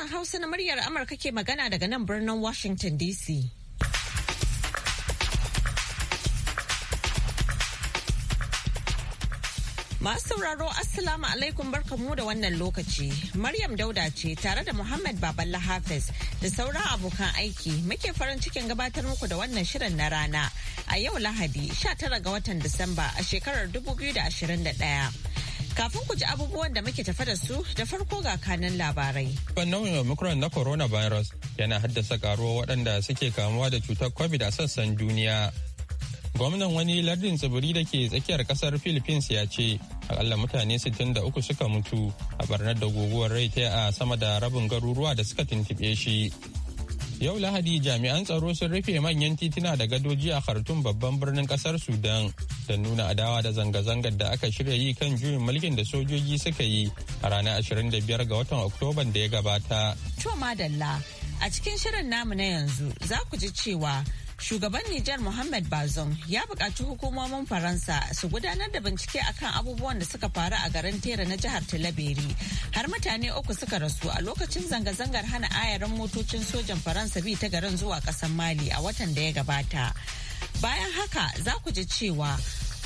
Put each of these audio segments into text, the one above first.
Sashen Hausa na muryar Amurka ke magana daga nan birnin Washington DC. Masu sauraro Assalamu alaikum barkamu da wannan lokaci. Maryam Dauda ce tare da Muhammad Baballa Hafiz da sauran abokan aiki muke farin cikin gabatar muku da wannan shirin na rana a yau Lahadi 19 ga watan Disamba a shekarar 2021. Kafin ku ji abubuwan da muke tafa da su da farko ga kanan labarai. Nau'in Omicron na coronavirus yana haddasa karuwa waɗanda suke kamuwa da cutar COVID a sassan duniya. Gwamnan wani lardin tsibiri da ke tsakiyar kasar Philippines ya ce, akalla mutane 63 suka mutu a barnar da guguwar rai ta a sama da rabin garuruwa da suka tuntuɓe shi. Yau Lahadi jami'an tsaro sun rufe manyan tituna da gadoji a Khartoum babban birnin kasar Sudan rahoton nuna adawa da zanga-zangar da aka shirya yi kan juyin mulkin da sojoji suka yi a ranar 25 ga watan Oktoban da ya gabata. To madalla a cikin shirin namu na yanzu za ku ji cewa shugaban Nijar Muhammad Bazoum ya buƙaci hukumomin Faransa su gudanar da bincike akan abubuwan da suka faru a garin Tera na jihar Talabiri. Har mutane uku suka rasu a lokacin zanga-zangar hana ayarin motocin sojan Faransa bi ta garin zuwa ƙasar Mali a watan da ya gabata. Bayan haka za ku ji cewa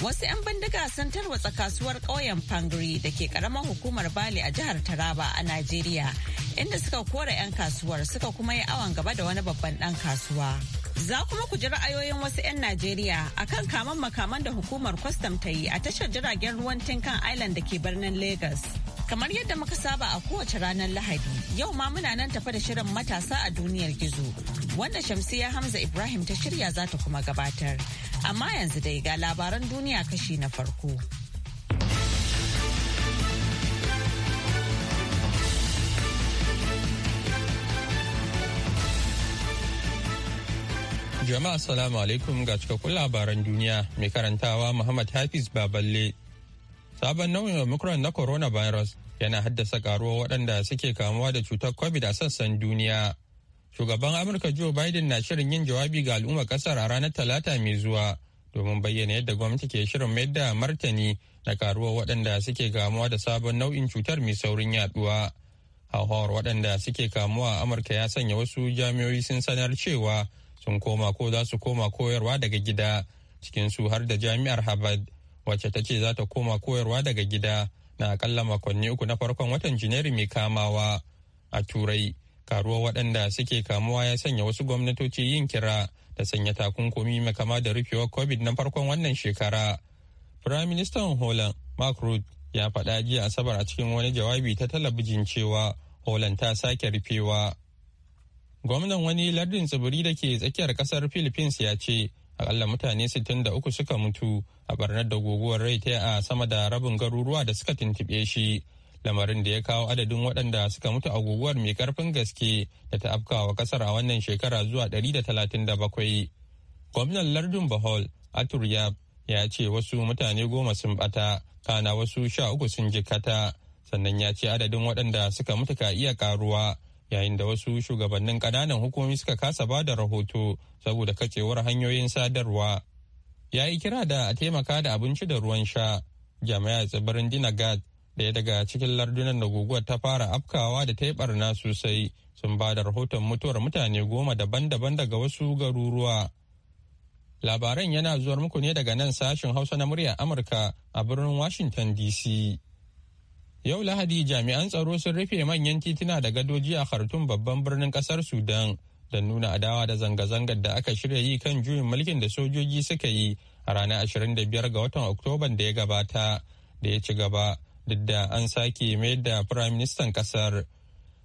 wasu 'yan bindiga sun tarwatsa kasuwar ƙauyen Fangri da ke ƙaramar hukumar Bali a jihar Taraba a Najeriya, inda suka kora 'yan kasuwar suka kuma yi awon gaba da wani babban ɗan kasuwa. Za kuma ku ji ra'ayoyin wasu 'yan Najeriya akan kaman makaman da hukumar kwastam ta yi a tashar jiragen ruwan Tinkan Island da ke birnin Lagos. Kamar yadda muka saba a kowace ranar Lahadi, yau ma muna nan tafa da shirin matasa a duniyar gizo, wanda Shamsiya Hamza Ibrahim ta shirya za ta kuma gabatar. Amma yanzu dai ga labaran duniya kashi na farko. Jama'a salamu alaikum ga cikakkun labaran duniya mai karantawa Muhammad Hafiz Baballe. Sabon nau'in Omicron na coronavirus yana haddasa karuwa waɗanda suke kamuwa da cutar COVID a sassan duniya. Shugaban Amurka Joe Biden na shirin yin jawabi ga al'ummar ƙasar a ranar Talata mai zuwa domin bayyana yadda gwamnati ke shirin mayar da martani na karuwa waɗanda suke kamuwa da sabon nau'in cutar mai saurin yaduwa. Hauhawar waɗanda suke kamuwa a Amurka ya sanya wasu jami'oi sun sanar cewa sun koma ko za su koma koyarwa daga gida cikinsu har da jami'ar harvard wacce ta ce za ta koma koyarwa daga gida na akalla makonni uku na farkon watan janairu mai kamawa a turai karuwa waɗanda suke kamuwa ya sanya wasu gwamnatoci yin kira da sanya takunkumi mai kama da rufewar covid na farkon wannan shekara prime minister holland mark rudd ya faɗa jiya asabar a cikin wani jawabi ta talabijin cewa holland ta sake rufewa gwamnan wani lardin tsibiri da ke tsakiyar kasar philippines ya ce akalla mutane 63 suka mutu a barnar da guguwar rai ta a sama da rabin garuruwa da suka tuntuɓe shi lamarin da ya kawo adadin waɗanda suka mutu a guguwar mai karfin gaske da ta afkawa kasar a wannan shekara zuwa 137 gwamnan lardin bahol atur yab ya ce wasu mutane goma sun bata kana wasu sha uku sun jikata sannan ya ce adadin waɗanda suka mutu ka iya karuwa yayin da wasu shugabannin ƙananan hukumomi suka kasa ba da rahoto saboda kacewar hanyoyin sadarwa ya yi kira da a taimaka da abinci da ruwan sha jami'a tsibirin dinagat daya daga cikin lardunan da guguwar ta fara afkawa da ta yi barna sosai sun ba da rahoton mutuwar mutane goma daban-daban daga wasu garuruwa labaran yana zuwar muku ne daga nan sashen hausa na murya amurka a birnin washington dc Yau Lahadi jami'an tsaro sun rufe manyan tituna da gadoji a Khartoum babban birnin kasar Sudan da nuna adawa da zanga-zangar da aka shirya yi kan juyin mulkin da sojoji suka yi a ranar 25 ga watan Oktoban da ya gabata da ya ci gaba duk da an sake mayar da firaministan kasar.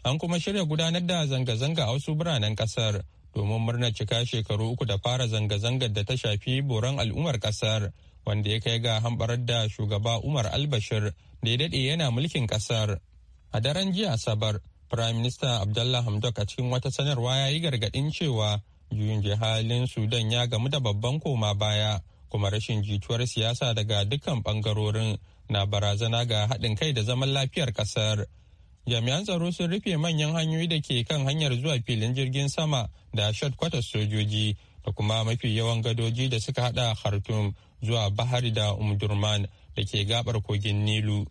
An kuma shirya gudanar da zanga-zanga a wasu biranen kasar domin murnar cika shekaru uku da fara zanga-zangar da ta shafi boran al'ummar kasar. wanda ya kai ga hambarar da shugaba Umar Albashir da ya daɗe yana mulkin ƙasar. A daren jiya Asabar, Prime Minister Abdullah Hamdok a cikin wata sanarwa ya yi gargaɗin cewa juyin jihalin Sudan ya gamu da babban koma baya kuma rashin jituwar siyasa daga dukkan ɓangarorin na barazana ga haɗin kai da zaman lafiyar ƙasar. Jami'an tsaro sun rufe manyan hanyoyi da ke kan hanyar zuwa filin jirgin sama da shot kwatar sojoji da kuma mafi yawan gadoji da suka haɗa Khartoum zuwa bahar da umdurman da ke gabar kogin nilu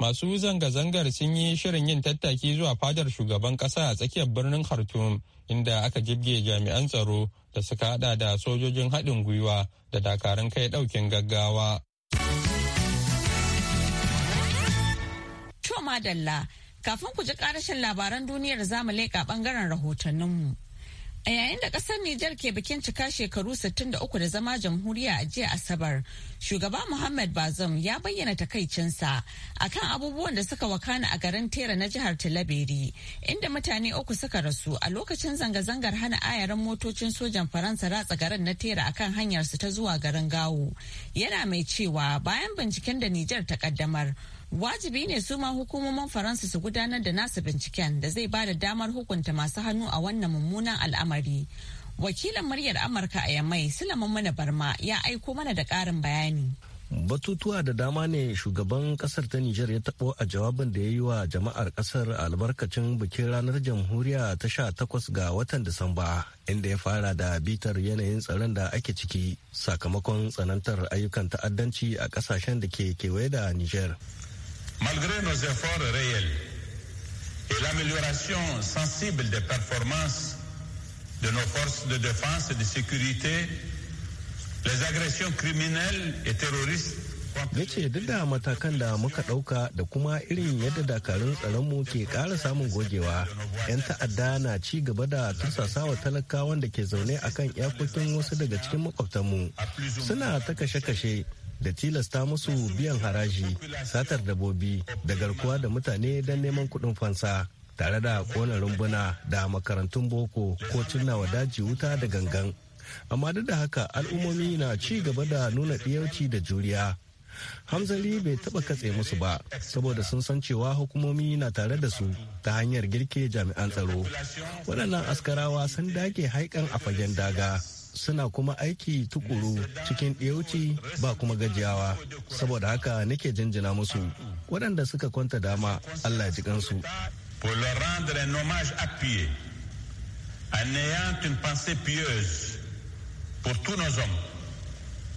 masu zanga-zangar sun yi shirin yin tattaki zuwa fadar shugaban kasa a tsakiyar birnin khartoum inda aka jibge jami'an tsaro da suka hada da sojojin haɗin gwiwa da dakarun kai ɗaukin gaggawa madalla kafin ku ji karashin labaran duniyar zamu leƙa ɓangaren rahotanninmu. A yayin da kasar Nijar ke bikin cika shekaru 63 da zama jamhuriya a jiya Asabar, shugaba Muhammad Bazum ya bayyana takaicinsa a kan abubuwan da suka wakana a garin Tera na jihar Talabiri, inda mutane uku suka rasu a lokacin zanga-zangar hana ayaran motocin sojan Faransa ratsa garin na Tera a kan hanyarsu ta zuwa garin Gawo. Yana mai cewa bayan binciken da Nijar ta ƙaddamar". wajibi ne su ma hukumomin faransa su gudanar da nasu binciken da zai ba da damar hukunta masu hannu a wannan mummunan al'amari wakilin muryar amurka a yamai sulaiman mana barma ya aiko mana da karin bayani batutuwa da dama ne shugaban kasar ta Nijar ya tabo a jawabin da ya yi wa jama'ar kasar albarkacin bikin ranar jamhuriya ta sha takwas ga watan Disamba inda ya fara da bitar yanayin tsaron da ake ciki sakamakon tsanantar ayyukan ta'addanci a kasashen da ke kewaye da Nijar. Malgré nos efforts réels et l'amélioration sensible des performances de nos forces de défense et de sécurité, les agressions criminelles et terroristes ya ce duk da matakan da muka ɗauka da kuma irin yadda dakarun tsaronmu ke ƙara samun gogewa 'yan ta'adda na ci gaba da tursasawa talakawan da ke zaune a kan iyakokin wasu daga cikin makwabtanmu suna ta kashe-kashe da tilasta musu biyan haraji satar dabobi da garkuwa da mutane don neman kuɗin fansa tare da kona rumbuna da makarantun boko ko wa daji wuta da gangan amma duk da haka al'ummomi na ci gaba da nuna ɗiyauci da juriya hamzali bai taba katse musu ba saboda sun san cewa hukumomi na tare da su ta hanyar girke jami'an tsaro waɗannan askarawa sun dage haikan a fagen daga suna kuma aiki tukuru cikin ɗiyauci ba kuma gajiyawa saboda haka nake jinjina musu waɗanda suka kwanta dama allah ji kansu en ayant une pour tous nos hommes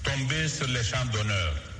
tombés sur les champs d'honneur.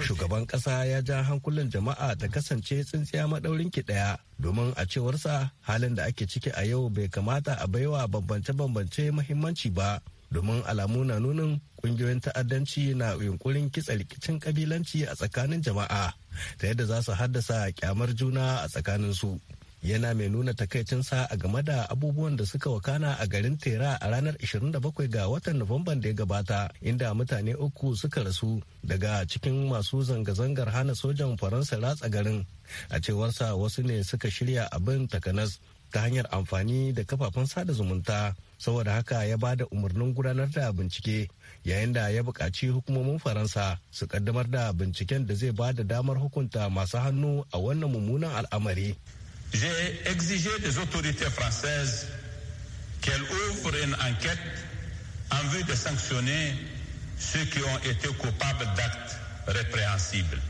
shugaban ƙasa ya ja hankulan jama'a da kasance tsintsiya maɗaurin ki ɗaya domin a cewarsa halin da ake ciki a yau bai kamata a baiwa bambance-bambance muhimmanci ba domin alamu na nunin ƙungiyoyin ta'addanci na yunkurin kitsa rikicin kabilanci a tsakanin jama'a ta yadda za su haddasa kyamar juna a tsakanin su yana mai nuna takaicinsa a game da abubuwan da suka wakana a garin tera a ranar 27 ga watan nuwamban da ya gabata inda mutane uku suka rasu daga cikin masu zanga-zangar hana sojan faransa ratsa garin a cewarsa wasu ne suka shirya abin takanas ta hanyar amfani da kafafen sada zumunta saboda haka ya ba da umarnin gudanar da bincike yayin da ya buƙaci hukumomin faransa su kaddamar da binciken da zai ba da damar hukunta masu hannu a wannan mummunan al'amari J'ai exigé des autorités françaises qu'elles ouvrent une enquête en vue de sanctionner ceux qui ont été coupables d'actes répréhensibles.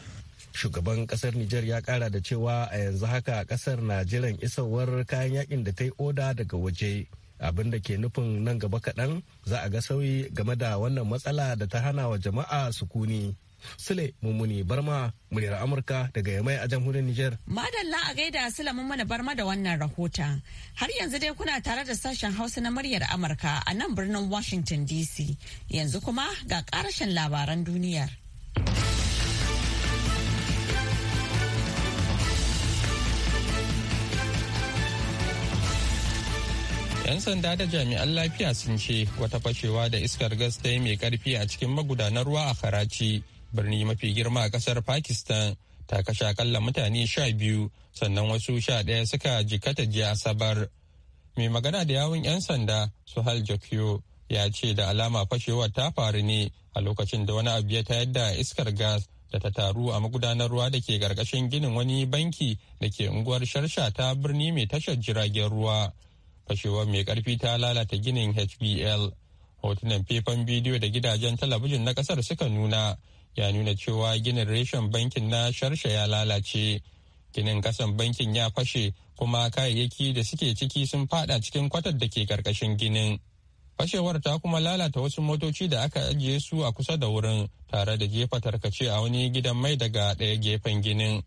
Shugaban kasar Nijar ya kara da cewa a yanzu haka kasar na jiran isowar kayan yakin da ta yi oda daga waje. abin da ke nufin nan gaba kaɗan za a ga sauyi game da wannan matsala da ta hana wa jama'a sukuni. Sule Mummuni Barma muryar Amurka daga Yamai a jamhuriyar Nijar. Madalla a gaida Sule Mummuni Barma da wannan rahota Har yanzu dai kuna tare da sashen Hausa na muryar Amurka a nan birnin Washington DC. Yanzu kuma ga ƙarashin labaran duniyar. yan sanda da jami'an lafiya sun ce wata fashewa da iskar gas ta yi mai karfi a cikin magudanar ruwa a karachi birni mafi girma a kasar pakistan ta kashe akalla mutane sha biyu sannan wasu sha ɗaya suka jikata jiya asabar mai magana da yawun 'yan sanda suhal jokyo ya ce da alama fashewar ta faru ne a lokacin da wani abu ya tayar da iskar gas da ta taru a magudanar ruwa da ke karkashin ginin wani banki da ke unguwar sharsha ta birni mai tashar jiragen ruwa fashewar mai karfi ta lalata ginin hbl hotunan fefan bidiyo da gidajen talabijin na kasar suka nuna ya nuna cewa ginin reshen bankin na sharsha ya lalace ginin kasan bankin ya fashe kuma kayayyaki da suke ciki sun fada cikin kwatar da ke karkashin ginin fashewar ta kuma lalata wasu motoci da aka ajiye su a kusa da wurin tare da jefa tarkace a wani gidan mai daga ɗaya gefen ginin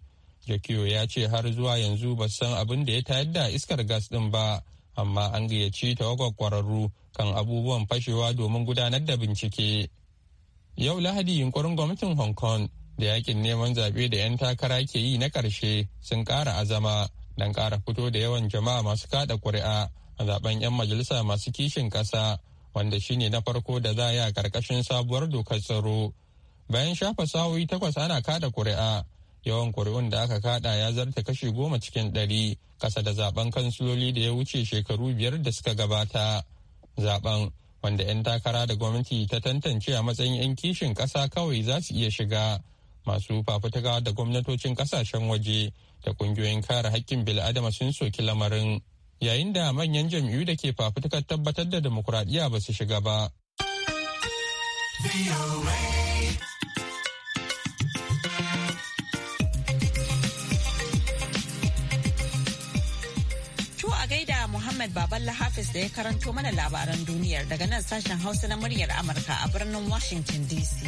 jakiyo ya ce har zuwa yanzu ba san abin da ya tayar da iskar gas din ba amma an gayyaci tawagar kwararru kan abubuwan fashewa domin gudanar da bincike. Yau Lahadi yunkurin gwamnatin Hong Kong da yakin neman zaɓe da 'yan takara ke yi na ƙarshe sun ƙara azama don ƙara fito da yawan jama'a masu kaɗa ƙuri'a a zaben 'yan majalisa masu kishin ƙasa wanda shine na farko da za a yi a ƙarƙashin sabuwar dokar tsaro. Bayan shafa sa'o'i takwas ana kaɗa ƙuri'a yawan ƙuri'un da aka kaɗa ya zarta kashi goma cikin ɗari ƙasa da zaben kansiloli da ya wuce shekaru biyar da suka gabata. Zaben wanda 'yan takara da gwamnati ta tantance a matsayin 'yan kishin ƙasa kawai za su iya shiga masu fafutuka da gwamnatocin ƙasashen waje da ƙungiyoyin kare haƙƙin bil'adama sun soki lamarin yayin da manyan jam'iyyu da ke fafutukar tabbatar da demokuraɗiyya ba su shiga ba. Muhammad Baballa Hafiz da ya karanto mana labaran duniyar daga nan sashen Hausa na muryar Amurka a birnin Washington DC.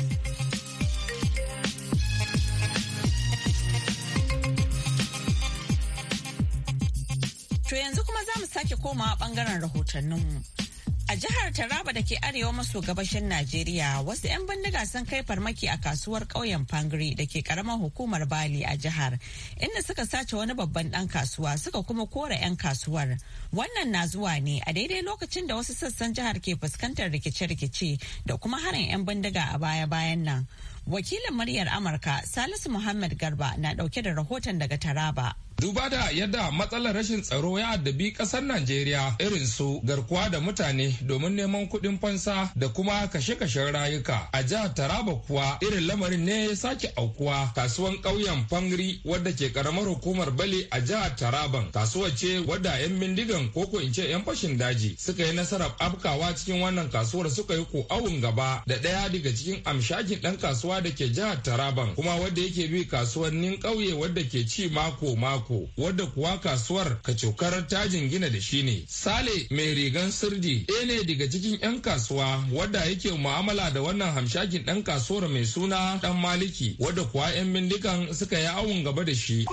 To yanzu kuma za mu sake komawa bangaren rahotanninmu. A jihar Taraba da ke arewa maso gabashin Najeriya wasu 'yan bindiga sun kai farmaki a kasuwar ƙauyen Fangiri da ke karamar hukumar Bali a jihar, inda suka sace wani babban ɗan kasuwa suka kuma kora 'yan kasuwar. Wannan na zuwa ne a daidai lokacin da wasu sassan jihar ke fuskantar rikice-rikice da kuma harin 'yan bindiga a baya-bayan nan. Wakilin muryar Amurka Salisu Muhammad Garba na ɗauke da rahoton daga Taraba. duba da yadda matsalar rashin tsaro ya addabi ƙasar najeriya irin su garkuwa da mutane domin neman kuɗin fansa da kuma kashe-kashen rayuka a jihar taraba kuwa irin lamarin ne ya sake aukuwa kasuwan ƙauyen fangri wadda ke ƙaramar hukumar bali a jihar taraban kasuwar ce wadda 'yan bindigan koko in ce 'yan fashin daji suka yi nasarar afkawa cikin wannan kasuwar suka yi ko awun gaba da ɗaya daga cikin amshakin ɗan kasuwa da ke jihar taraban kuma wadda yake bi kasuwannin ƙauye wadda ke ci mako mako mako wadda kuwa kasuwar kacokar tajin gina da shi ne sale mai rigan sirdi ɗaya ne daga cikin 'yan kasuwa wadda yake mu'amala da wannan hamshakin ɗan kasuwar mai suna ɗan maliki wadda kuwa 'yan bindigan suka yi awon gaba da shi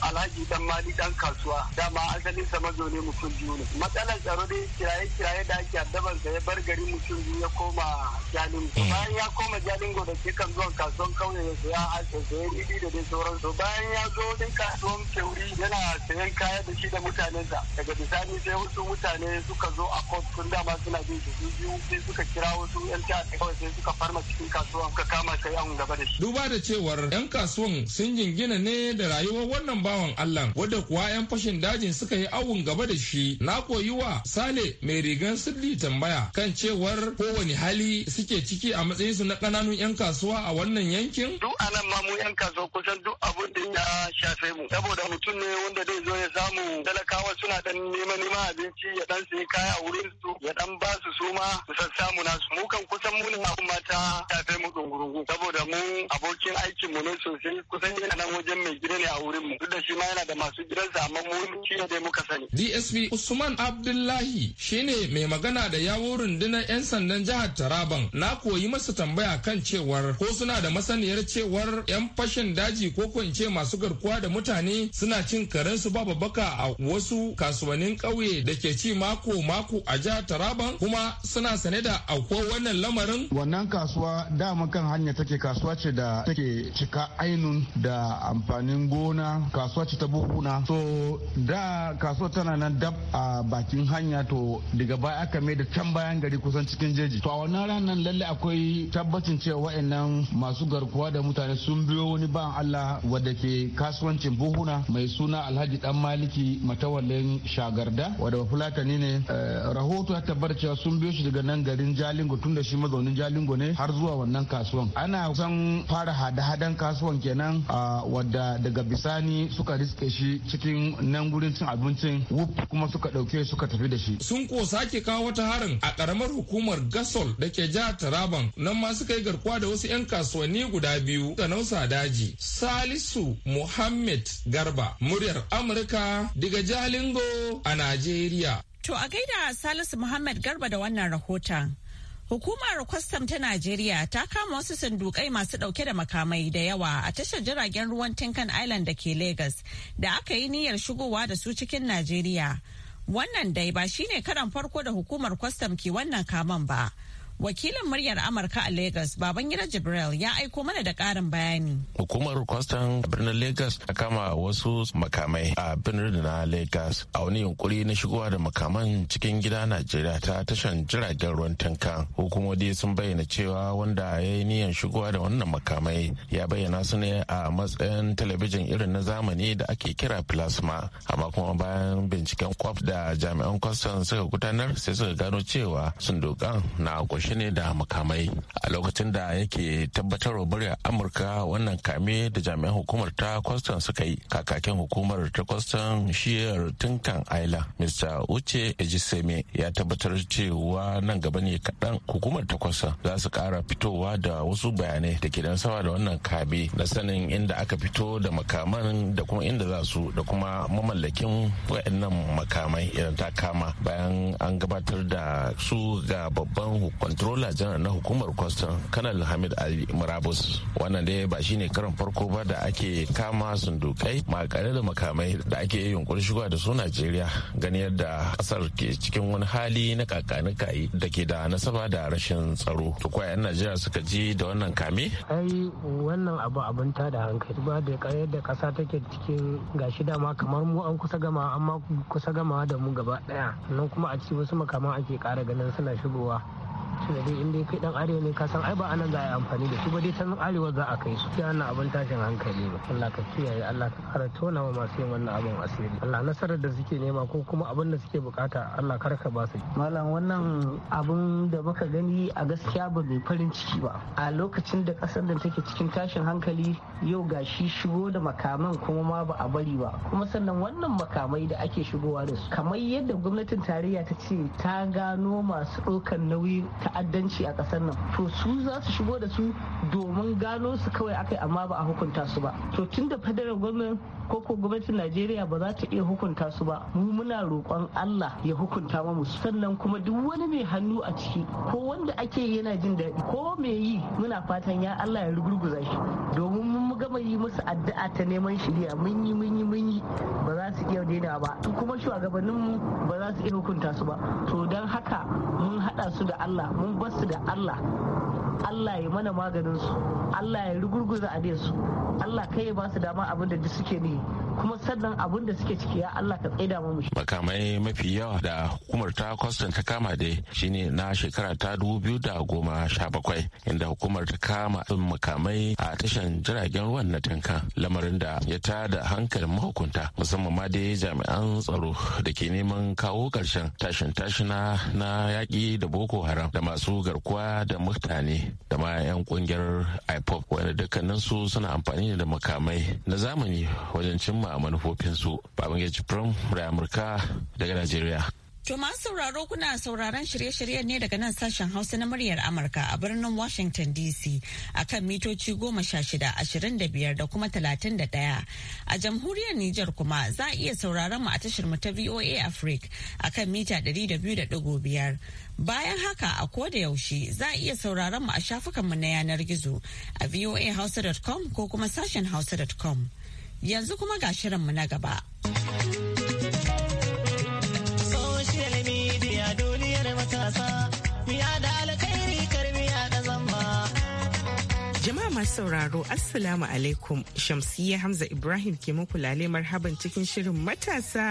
alhaji ɗan mali ɗan kasuwa dama asalin sa mazaune mutum biyu ne matsalar tsaro dai kiraye kiraye da ake addaban sa ya bar gari mutum biyu ya koma jalin. Hmm. bayan ya koma jalin da ke kan zuwan kasuwan kauye ya saya a saye da dai sauran su bayan ya zo din kasuwan wuri yana sayan kaya da shi da mutanen mutanensa daga bisani sai wasu mutane suka zo a kot tun dama suna bin su biyu sai suka kira wasu yan ta'adda kawai sai suka farma cikin kasuwa ka kama kai an gaba da shi. Duba da cewar yan kasuwan sun jingina ne da rayuwar wannan bawan Allah wadda kuwa yan fashin dajin suka yi awun gaba da shi na koyi wa Sale mai rigan sirri tambaya kan cewar kowane hali suke ciki a matsayin su na kananun yan kasuwa a wannan yankin. Duk anan ma mu yan kasuwa kusan duk abin da ya shafe mu saboda mutum ne wanda zai zo ya samu talakawa suna dan nema nema abinci ya dan sayi kaya a wurin su ya dan ba su su ma su samu nasu mu kan kusan mu ne abun mata tafe mu dungurungu saboda mu abokin aikin mu ne sosai kusan yana nan wajen mai gida ne a wurin mu duk da shi ma yana da masu gidansa amma mu shi ne dai muka sani. DSP Usman Abdullahi shine mai magana da yawo rundunar 'yan sandan jihar Taraban na koyi masa tambaya kan cewar ko suna da masaniyar cewar 'yan fashin daji ko kwance masu garkuwa da mutane suna cin karensu ba babbaka a wasu kasuwannin ƙauye da ke ci mako-mako a jihar Taraban kuma suna sane da akwai wannan lamarin. Wannan kasuwa dama kan hanya take kasuwa ce da take cika ainun da amfanin gona kasuwa ce ta buhuna. So da kasuwa tana nan dab a bakin hanya to daga baya aka mai da can bayan gari kusan cikin jeji. To a wannan ranar lalle akwai tabbacin cewa wa'annan masu garkuwa da mutane sun biyo wani ba Allah wadda ke kasuwancin buhuna mai suna Alhaji Dan Maliki matawallin Shagarda wadda Fulatani ne eh, rahoto ya tabbata cewa sun biyo shi daga nan garin Jalingo tun da shi mazaunin Jalingo ne har zuwa wannan kasuwan. Ana san fara hada-hadan kasuwan kenan ah, wadda daga bisani suka riske shi cikin nan gurin cin abincin wuf kuma suka ɗauke suka tafi da shi. Sun ko sake kawo wata harin a karamar hukumar Gasol da ke jihar Taraban nan ma suka yi garkuwa da wasu 'yan kasuwanni guda biyu da nausa daji. Salisu muhammed Gar Garba, muryar Amurka daga Jalingo a Najeriya. To a gaida Salisu Muhammad Garba da wannan rahoton. Hukumar kwastam ta Najeriya ta kama wasu sandukai masu dauke da makamai da yawa a tashar jiragen ruwan Tinkan Island da ke Legas da aka yi niyyar shigowa da su cikin Najeriya. Wannan dai ba shine karan farko da hukumar kwastam ke wannan kaman ba. Wakilin muryar Amurka a Lagos, Babangida Jibril ya aiko mana da karin bayani. Hukumar kwastan birnin Lagos ta kama wasu makamai a birnin na Lagos a wani yunkuri na shigowa da makaman cikin gida Najeriya ta tashan jiragen ruwan tanka. hukumodi sun bayyana cewa wanda ya yi niyyar shigowa da wannan makamai ya bayyana su ne a matsayin talabijin irin na zamani da ake kira plasma. Amma kuma bayan binciken kwaf da jami'an kwastan suka gudanar sai suka gano cewa sundukan na kwashe shi ne da makamai a lokacin da yake tabbatarwa a amurka wannan kame da jami'an hukumar ta kwastan suka yi kakakin hukumar ta kwastan shiyar tinkan aila mr uche ejiseme ya tabbatar cewa nan gaba ne kaɗan hukumar ta kwastan za su ƙara fitowa da wasu bayanai da ke sama da wannan kame na sanin inda aka fito da makaman da kuma inda za su da kuma mamallakin waɗannan makamai idan ta kama bayan an gabatar da su ga babban hukumar. controller general na hukumar kwastam kanal hamid ali murabus wannan dai ba shine karin farko ba da ake kama sundukai makare da makamai da ake yunkurin shiga da su najeriya gani yadda kasar ke cikin wani hali na kakanika da ke da nasaba da rashin tsaro to kwa yan najeriya suka ji da wannan kame ai wannan abu abin ta da hankali ba da da kasa take cikin gashi ma kamar mu an kusa gama amma kusa gama da mu gaba daya sannan kuma a ci wasu makaman ake kara ganin suna shigowa tunda in dai kai dan arewa ne ka san ai ba anan za a yi amfani da su ba dai san arewa za a kai su sai ana abin tashin hankali ba Allah ka kiyaye Allah ka kara tona ma masu yin wannan abin asiri Allah nasarar da suke nema ko kuma abin da suke bukata Allah kar ka ba su malam wannan abin da muka gani a gaskiya ba mai farin ciki ba a lokacin da kasar da take cikin tashin hankali yau gashi shigo da makaman kuma ma ba a bari ba kuma sannan wannan makamai da ake shigowa da su kamar yadda gwamnatin tarayya ta ce ta gano masu ɗaukar nauyin ta'addanci a ƙasar nan to su za su shigo da su domin gano su kawai akai amma ba a hukunta su ba to tun da federal government ko ko gwamnatin najeriya ba za ta iya hukunta su ba mu muna roƙon allah ya hukunta mu sannan kuma duk wani mai hannu a ciki ko wanda ake yana jin daɗi ko mai yi muna fatan ya allah ya rugurguza shi domin mun gama yi musu addu'a ta neman shirya mun yi mun yi mun yi ba za su iya daina ba kuma mu ba za su iya hukunta su ba to don haka mun haɗa su da allah mun basu da Allah Allah ya mana maganin su Allah ya rugurguza a su Allah kai ya basu su dama abin da suke ne kuma sannan abin da suke ciki ya Allah ka tsaida mu makamai mafi yawa da hukumar ta Kwastan ta kama dai shine na shekara ta dubu da goma sha bakwai inda hukumar ta kama makamai a tashan jiragen ruwan na tanka lamarin da ya da hankalin mahukunta musamman ma dai jami'an tsaro da ke neman kawo karshen tashin tashina na yaƙi da Boko Haram da masu garkuwa da mutane da ma 'yan kungiyar ipop wanda dukkaninsu suna amfani da makamai na zamani wajen cimma manufofinsu babangeji prom da amurka daga najeriya To masu sauraro kuna sauraron shirye-shiryen ne daga nan sashen Hausa na muryar Amurka a birnin Washington DC a kan mitoci goma sha shida ashirin da biyar da kuma talatin da ɗaya. A jamhuriyar Nijar kuma za a iya sauraron mu a tashar mu ta VOA Africa a kan mita ɗari da biyu da ɗigo biyar. Bayan haka a ko da yaushe za a iya sauraron mu a shafukan mu na yanar gizo a voahausa.com ko kuma sashen hausa.com. Yanzu kuma ga shirin mu na gaba. masu sauraro Assalamu alaikum Shamsiyya Hamza Ibrahim ke muku lale marhaban cikin shirin matasa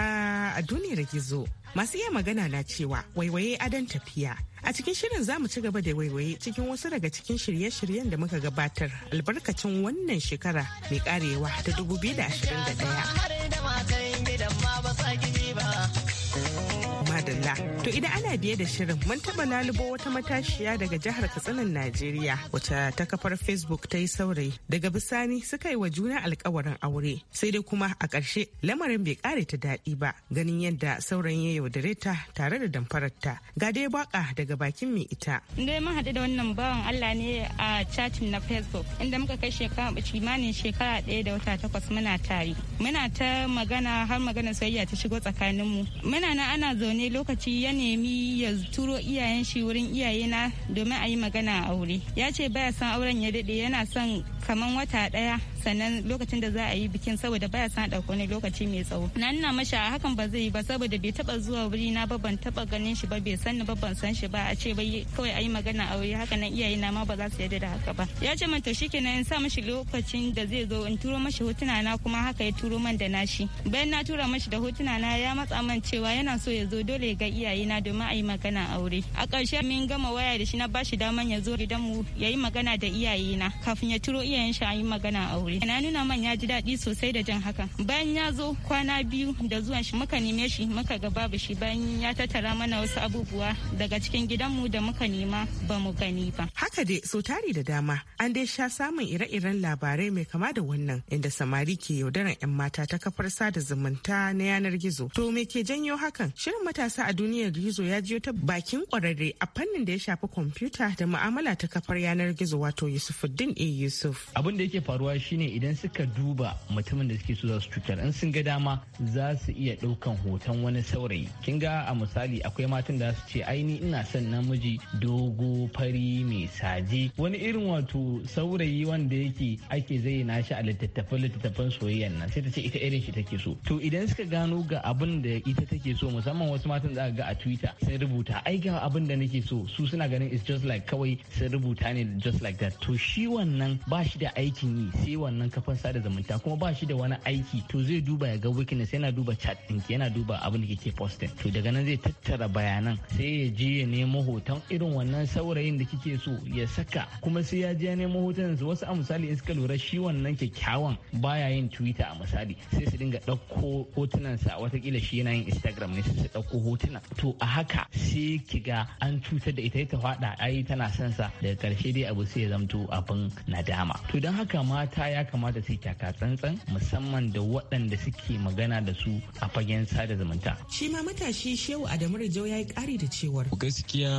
a duniyar gizo. Masu iya magana na cewa waiwaye adon tafiya. A cikin shirin za mu ci gaba da waiwaye cikin wasu daga cikin shirye-shiryen da muka gabatar albarkacin wannan shekara mai karewa ta 2021. To idan ana biye da shirin mun taba lalubo wata matashiya daga jihar Katsinan Najeriya wacce ta kafar Facebook ta yi saurayi daga bisani suka yi wa juna alkawarin aure sai dai kuma a ƙarshe lamarin bai ƙare ta daɗi ba ganin yadda sauran ya yaudare ta tare da damfararta ga dai baka daga bakin mai ita. dai mun haɗu da wannan bawan Allah ne a chatin na Facebook inda muka kai shekara kimanin shekara ɗaya da wata takwas muna tare. Muna ta magana har magana soyayya ta shigo tsakaninmu. Muna na ana zaune lokacin lokaci ya nemi ya turo iyayen shi wurin iyayena domin a yi magana aure ya ce baya san auren ya daɗe yana son kamar wata daya sannan lokacin da za a yi bikin saboda baya san dauko ne lokaci mai tsawo na nuna masha hakan ba zai yi ba saboda bai taba zuwa wuri na ba ban taba ganin shi ba bai san ni ba ban san shi ba a ce bai kawai a yi magana aure haka nan iyaye na ma ba za su yarda da haka ba ya ce man to shikenan in sa mishi lokacin da zai zo in turo mashi hotuna na kuma haka ya turo man da nashi bayan na tura mashi da hotuna na ya matsa man cewa yana so ya zo dole ga iyaye na domin a yi magana aure a ƙarshe min gama waya da shi na bashi daman ya zo gidan ya yi magana da iyaye na kafin ya turo iyayen shi yi magana aure na nuna man ya ji daɗi sosai da jan haka bayan ya zo kwana biyu da zuwan shi muka neme shi muka ga babu shi bayan ya tattara mana wasu abubuwa daga cikin gidanmu da muka nema ba mu gani ba haka dai so tari da dama an dai sha samun ire-iren labarai mai kama da wannan inda samari ke yaudaran 'yan mata ta kafar sada zumunta na yanar gizo to me ke janyo hakan shirin matasa a duniyar gizo ya jiyo ta bakin kwararre a fannin da ya shafi kwamfuta da ma'amala ta kafar yanar gizo wato yusufuddin a yusuf abin da yake faruwa shine idan suka duba mutumin da suke so za su cutar in sun ga dama za su iya ɗaukan hoton wani saurayi kin ga a misali akwai matan da su ce aini ina son namiji dogo fari mai saje wani irin wato saurayi wanda yake ake na shi a littattafan littattafan soyayyan nan sai ta ce ita irin shi take so to idan suka gano ga abin da ita take so musamman wasu matan za ga a twitter sun rubuta ai ga abin da nake so su suna ganin it's just like kawai sun rubuta ne just like that to shi wannan ba shi da aikin yi sai wannan kafan sada zumunta kuma ba shi da wani aiki to zai duba ya ga sai yana duba chat ɗinki yana duba abin da kike posting to daga nan zai tattara bayanan sai ya je ya nemo hoton irin wannan saurayin da kike so ya saka kuma sai ya je ya nemo hoton wasu a misali in suka lura shi wannan kyakkyawan baya yin twitter a misali sai su dinga ɗauko hotunansa watakila shi yana yin instagram ne sai su ɗauko hotuna to a haka sai ki ga an cutar da ita ta faɗa ai tana son sa daga karshe dai abu sai ya zamto abin nadama to don haka mata ya kamata su taka tsantsan musamman da waɗanda suke magana da su a fagen sada zumunta shi ma matashi shehu adamu rijau ya yi ƙari da cewar gaskiya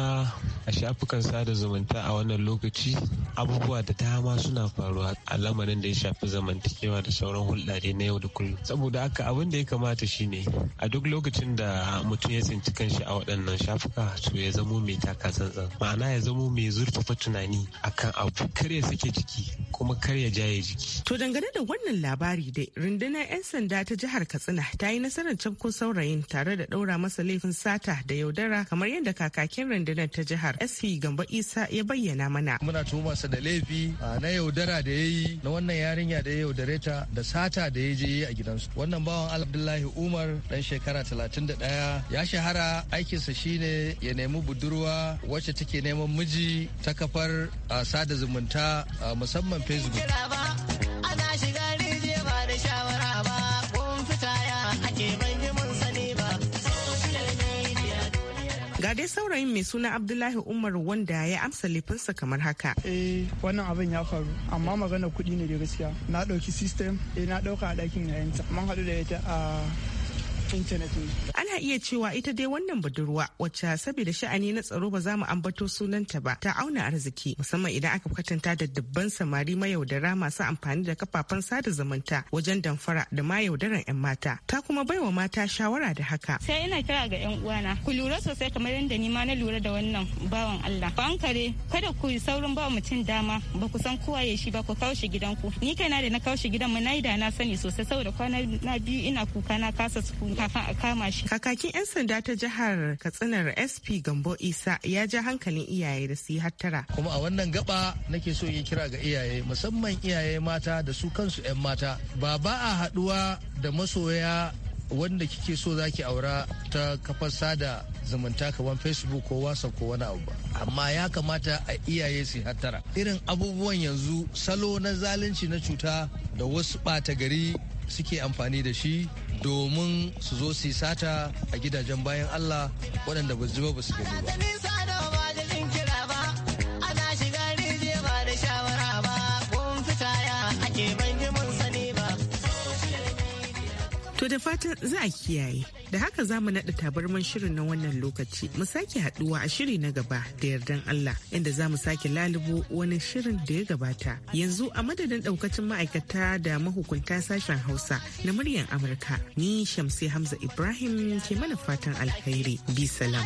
a shafukan sada zumunta a wannan lokaci abubuwa da dama suna faruwa a lamarin da ya shafi zamantakewa da sauran hulɗa na yau da kullum saboda haka abin da ya kamata shine a duk lokacin da mutum ya tsinci kanshi a waɗannan shafuka to ya zamo mai taka tsantsan ma'ana ya zamo mai zurfafa tunani akan abu kar ya sake ciki kuma karya ya jaye jiki. To dangane da wannan labari dai rundunar 'yan sanda ta jihar Katsina ta yi nasarar cafko saurayin tare da ɗaura masa laifin sata da yaudara kamar yadda kakakin rundunar ta jihar SP Gamba Isa ya bayyana mana. Muna tuma sa da laifi na yaudara da ya yi na wannan yarinya da ya yaudare ta da sata da ya je yi a gidansu. Wannan bawan Abdullahi Umar dan shekara talatin da 31 ya shahara aikinsa shine ya nemi budurwa wacce take neman miji ta kafar sada zumunta musamman kan facebook ga dai saurayin mai suna abdullahi umar wanda ya amsa laifinsa kamar haka eh wannan abin ya faru amma magana kudi ne da gaskiya na dauki system eh na dauka a dakin yayanta mun haɗu da ita a Ana iya cewa ita dai wannan budurwa wacce saboda sha'ani na tsaro ba za mu ambato sunanta ba ta auna arziki musamman idan aka kwatanta da dubban samari mayaudara masu amfani da kafafen sada zumunta wajen damfara da mayaudaran 'yan mata. Ta kuma baiwa mata shawara da haka. Sai ina kira ga 'yan uwana ku lura sosai kamar yadda ni ma na lura da wannan bawan Allah. Ban kare kada ku saurin ba mutum dama ba ku san kowa ya shi ba ku kawo shi gidanku. Ni kaina da na kawo shi gidan mu na yi da na sani sosai saboda kwana na biyu ina kuka na kasa sukuni. kafin a kama shi. Kakakin 'yan sanda ta jihar Katsinar SP Gambo Isa ya ja hankalin iyaye da su yi hattara. Kuma a wannan gaba nake so yi kira ga iyaye musamman iyaye mata da su kansu 'yan mata. Ba ba a haɗuwa da masoya wanda kike so zaki aura ta kafar sada zumunta kamar facebook ko whatsapp ko wani abu ba amma ya kamata a iyaye su hattara irin abubuwan yanzu salo na zalunci na cuta da wasu ɓata gari suke amfani da shi domin su zo su yi sata a gidajen bayan Allah waɗanda ba su ba su gani ba. da fatan za a kiyaye. Da haka za mu naɗa tabarman shirin na wannan lokaci mu sake haɗuwa a shiri na gaba da yardan Allah inda za mu sake lalubo wani shirin da ya gabata. Yanzu a madadin ɗaukacin ma'aikata da mahukunta sashen Hausa na muryar Amurka ni Shamsi Hamza Ibrahim ke mana fatan alkhairi. Bi salam.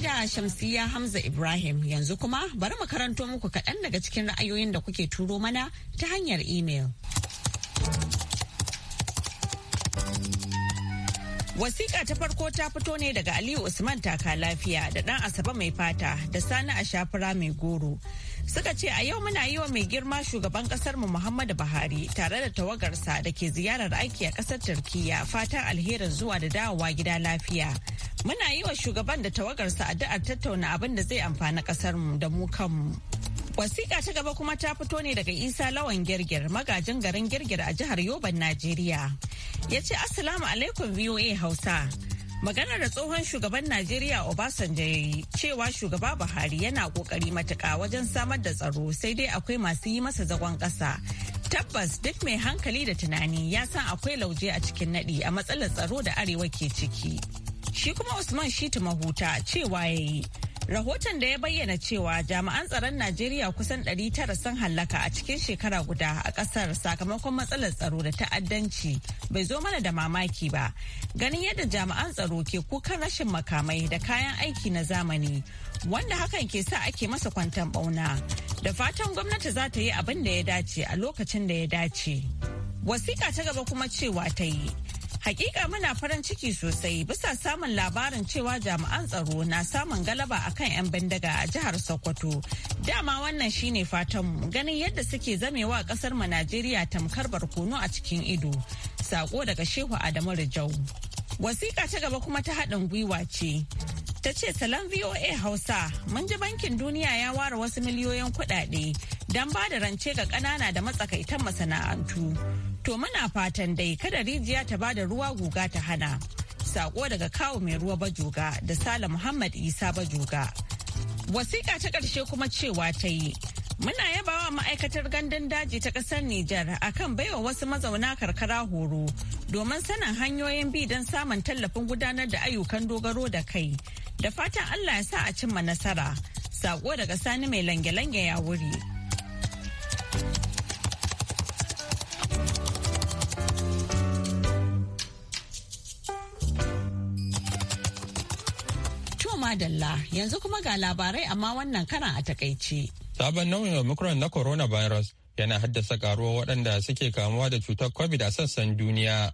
gaida Shamsiya Hamza Ibrahim yanzu kuma bari mu karanto muku kaɗan daga cikin ra'ayoyin da kuke turo mana ta hanyar email Wasiƙa ta farko ta fito ne daga Aliyu Usman taka lafiya da ɗan asabe mai fata da Sani a shafura mai goro. Suka ce a yau muna yi wa mai girma shugaban ƙasarmu Muhammadu Buhari tare da tawagarsa da ke ziyarar aiki a ƙasar Turkiyya fatan alherin zuwa da dawowa gida lafiya. Muna yi wa shugaban da tawagarsa addu'ar tattauna abin da zai amfani ƙasarmu da mu kanmu. Wasiƙa ta gaba kuma ta fito ne daga Isa Lawan Girgir, magajin garin Girgir a jihar Yoban, Najeriya. Ya ce, Assalamu alaikum VOA Hausa. Maganar da tsohon shugaban Najeriya Obasanjo ya yi cewa shugaba Buhari yana kokari matuƙa wajen samar da tsaro sai dai akwai masu yi masa zagon ƙasa. Tabbas duk mai hankali da tunani ya san akwai lauje a cikin naɗi a matsalar tsaro da arewa ke ciki. Shi kuma Usman Shitu Mahuta cewa ya yi. Rahoton da ya bayyana cewa jami'an tsaron Najeriya kusan 900 sun hallaka a cikin shekara guda a ƙasar sakamakon matsalar tsaro da ta'addanci bai zo mana da mamaki ba. Ganin yadda jami'an tsaro ke kukan rashin makamai da kayan aiki na zamani wanda hakan ke sa ake masa kwantan bauna. Da fatan gwamnati za ta yi abin da ya dace a lokacin da ya dace. Wasiƙa ta gaba kuma cewa ta yi. Hakika muna farin ciki sosai bisa samun labarin cewa jami'an tsaro na samun galaba a kan 'yan bindiga a jihar Sokoto. Dama wannan shine fatanmu ganin yadda suke zamewa a kasar mu Najeriya tamkar barkono a cikin ido. Sako daga Shehu Adamu Rijau. Wasiƙa ta gaba kuma ta haɗin gwiwa ce. Ta ce salon VOA Hausa, mun ji bankin duniya ya ware wasu miliyoyin kuɗaɗe don ba da rance ga ƙanana da matsakaitan masana'antu. To muna fatan dai kada rijiya ta bada ruwa guga ta hana. Sako daga kawo mai ruwa bajuga da Sala Muhammad Isa bajuga. Wasiƙa ta ƙarshe kuma cewa ta yi. Muna yabawa ma'aikatar gandun daji ta ƙasar Nijar a akan baiwa wasu mazauna karkara horo domin sanin hanyoyin bi don samun tallafin gudanar da ayyukan dogaro da kai. Da fatan Allah ya sa a cimma nasara. Sako daga Sani mai lange-lange ya wuri. madalla yanzu kuma ga labarai amma wannan kana a takaice. Sabon nau'in Omicron na coronavirus yana haddasa karuwa waɗanda suke kamuwa da cutar COVID a sassan duniya.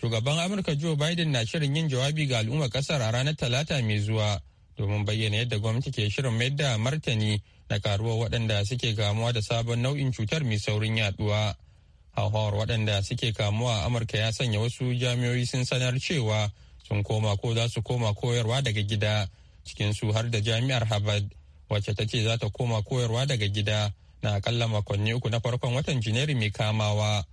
Shugaban Amurka Joe Biden na shirin yin jawabi ga al'ummar ƙasar a ranar Talata mai zuwa domin bayyana yadda gwamnati ke shirin mayar da martani na karuwar waɗanda suke kamuwa da sabon nau'in cutar mai saurin yaduwa. hauhawar waɗanda suke kamuwa a amurka ya sanya wasu jami'oyi sun sanar cewa sun koma ko za su koma koyarwa daga gida cikinsu har da jami'ar harvard wacce ta ce za ta koma koyarwa daga gida na akalla makonni uku na farkon watan janairu mai kamawa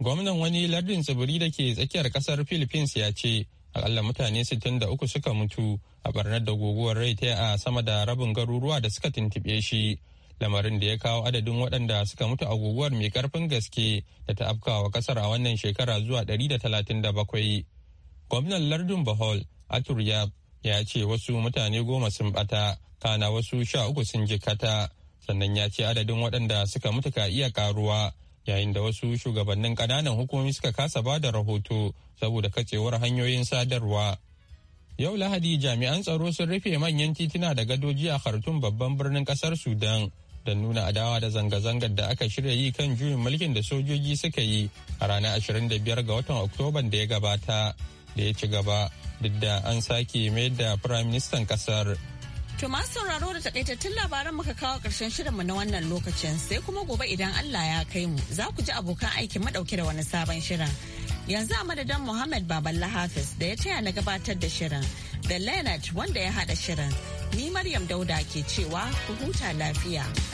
gwamnan wani lardin tsibiri da ke tsakiyar kasar philippines ya ce akalla mutane 63 suka mutu a barnar da guguwar rai ta a sama da rabin garuruwa da suka tuntuɓe shi lamarin da ya kawo adadin waɗanda suka mutu a guguwar mai karfin gaske da ta afkawa kasar a wannan shekara zuwa 137 gwamnan lardin bahol atur yab ya ce wasu mutane goma sun bata kana wasu sha uku sun jikata sannan ya ce adadin waɗanda suka mutu ka iya karuwa yayin da wasu shugabannin ƙananan hukumomi suka kasa ba da rahoto saboda kacewar hanyoyin sadarwa yau lahadi jami'an tsaro sun rufe manyan tituna da gadoji a khartoum babban birnin ƙasar sudan don nuna adawa da zanga-zangar da aka shirya yi kan juyin mulkin da sojoji suka yi a ranar 25 ga watan oktoban da ya gabata da ya ci gaba duk da an sake mayar da firayim ministan kasar. To masu sauraro da takaitattun labaran muka kawo ƙarshen shirinmu na wannan lokacin sai kuma gobe idan Allah ya kai mu za ku ji abokan aikin madauke da wani sabon shirin. Yanzu a madadin Muhammad Baballa Hafiz da ya taya na gabatar da shirin da Leonard wanda ya haɗa shirin. Ni Maryam Dauda ke cewa ku huta lafiya.